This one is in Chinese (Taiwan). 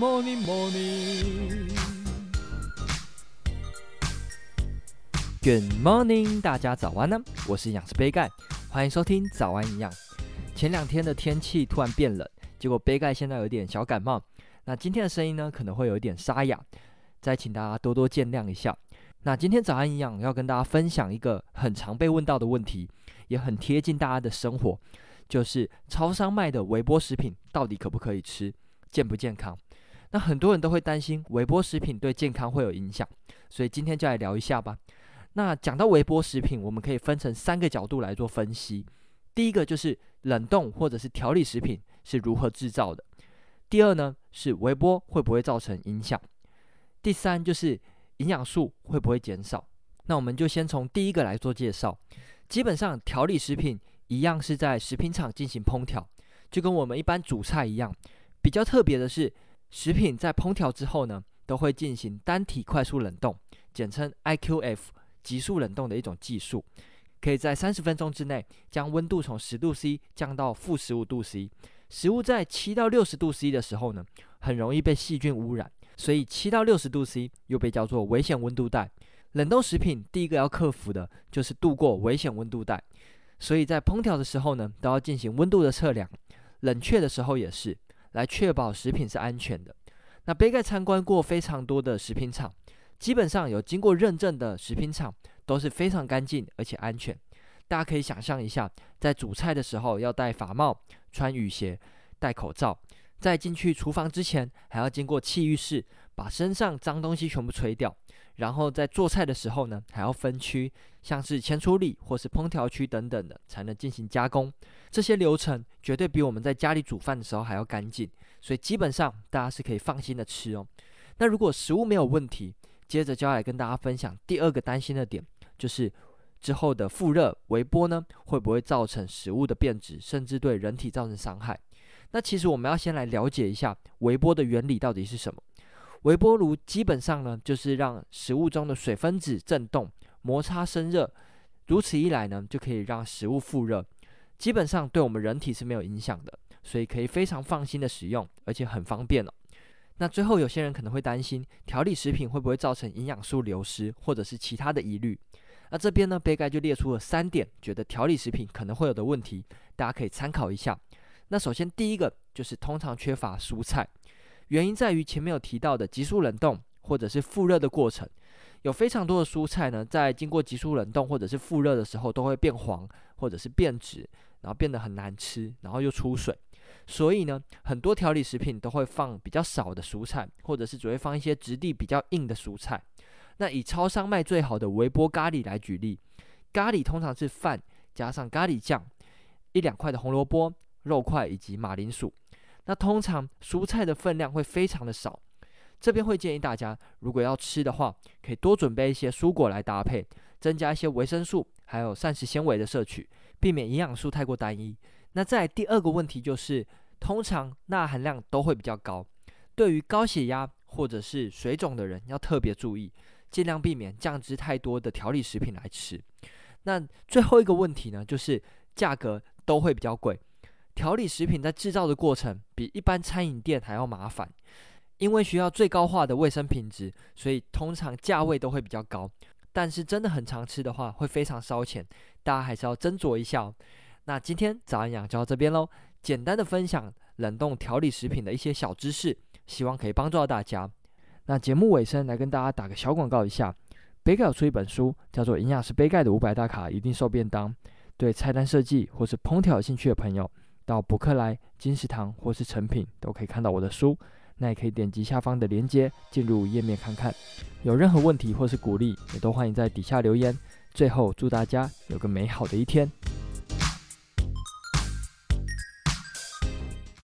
Good、morning, morning. Good morning，大家早安呢，啊！我是營養師杯蓋，歡迎收聽早安營養。前兩天的天氣突然變冷，結果杯蓋現在有點小感冒。那今天的聲音呢，可能會有點沙啞，再請大家多多見諒一下。那今天早安營養要跟大家分享一個很常被問到的問題，也很貼近大家的生活，就是超商賣的微波食品到底可不可以吃，健不健康？那很多人都會擔心微波食品對健康會有影響，所以今天就來聊一下吧。那講到微波食品，我們可以分成三個角度來做分析。第一個就是冷凍或者是調理食品是如何制造的；第二呢是微波會不會造成影響；第三就是營養素會不會減少。那我們就先從第一個來做介紹。基本上調理食品一樣是在食品廠進行烹調，就跟我們一般煮菜一樣。比較特別的是，食品在烹調之後呢，都會進行單體快速冷凍，簡稱 IQF，急速冷凍的一種技術，可以在三十分鐘之內將溫度從十度 C 降到負十五度 C。食物在七到六十度 C 的時候呢，很容易被細菌污染，所以七到六十度 C 又被叫做危險溫度帶。冷凍食品第一個要克服的就是度過危險溫度帶，所以在烹調的時候呢，都要進行溫度的測量，冷卻的時候也是。來確保食品是安全的。那杯蓋參觀過非常多的食品廠，基本上有經過認證的食品廠都是非常乾淨而且安全。大家可以想象一下，在煮菜的時候要戴髮帽、穿雨鞋、戴口罩。在進去廚房之前，還要經過氣浴室，把身上髒東西全部吹掉。然後在做菜的時候呢，還要分區，像是前處理或是烹調區等等的，才能進行加工。這些流程絕對比我們在家裡煮飯的時候還要乾淨，所以基本上大家是可以放心的吃哦。那如果食物沒有問題，接着就要來跟大家分享第二個擔心的點，就是之後的復熱微波呢，會不會造成食物的變質，甚至對人體造成傷害？那其實我們要先來了解一下微波的原理到底是什麼。微波爐基本上呢，就是讓食物中的水分子振動，摩擦生熱，如此一來呢，就可以讓食物復熱。基本上對我們人體是沒有影響的，所以可以非常放心的使用，而且很方便了哦。那最後有些人可能會擔心調理食品會不會造成營養素流失，或者是其他的疑慮。那這邊呢，杯蓋就列出了三點，覺得調理食品可能會有的問題，大家可以參考一下。那首先，第一個就是通常缺乏蔬菜，原因在於前面有提到的極速冷凍或者是復熱的過程，有非常多的蔬菜呢，在經過極速冷凍或者是復熱的時候，都會變黃或者是變質，然後變得很難吃，然後又出水。所以呢，很多調理食品都會放比較少的蔬菜，或者是只會放一些質地比較硬的蔬菜。那以超商賣最好的微波咖喱來舉例，咖喱通常是飯加上咖喱醬，一兩塊的紅蘿蔔。肉塊以及馬鈴薯，那通常蔬菜的分量會非常的少。這邊會建議大家，如果要吃的話，可以多準備一些蔬果來搭配，增加一些維生素，還有膳食纖維的攝取，避免營養素太過單一。那在第二個問題就是，通常鈉含量都會比較高，對於高血壓或者是水腫的人要特別注意，盡量避免醬汁太多的調理食品來吃。那最後一個問題呢，就是價格都會比較貴。調理食品在製造的過程比一般餐飲店還要麻煩，因為需要最高化的衛生品質，所以通常價位都會比較高。但是真的很常吃的話，會非常燒錢，大家還是要斟酌一下哦。那今天早安營養就到這邊嘍，簡單的分享冷凍調理食品的一些小知識，希望可以幫助到大家。那節目尾聲來跟大家打個小廣告一下，杯蓋有出一本書，叫做《營養師杯蓋的五百大卡一定瘦便當》，對菜單設計或是烹調有興趣的朋友。到博客來、金石堂或是誠品都可以看到我的書，那也可以點擊下方的鏈接進入頁面看看。有任何問題或是鼓勵，也都歡迎在底下留言。最後，祝大家有個美好的一天。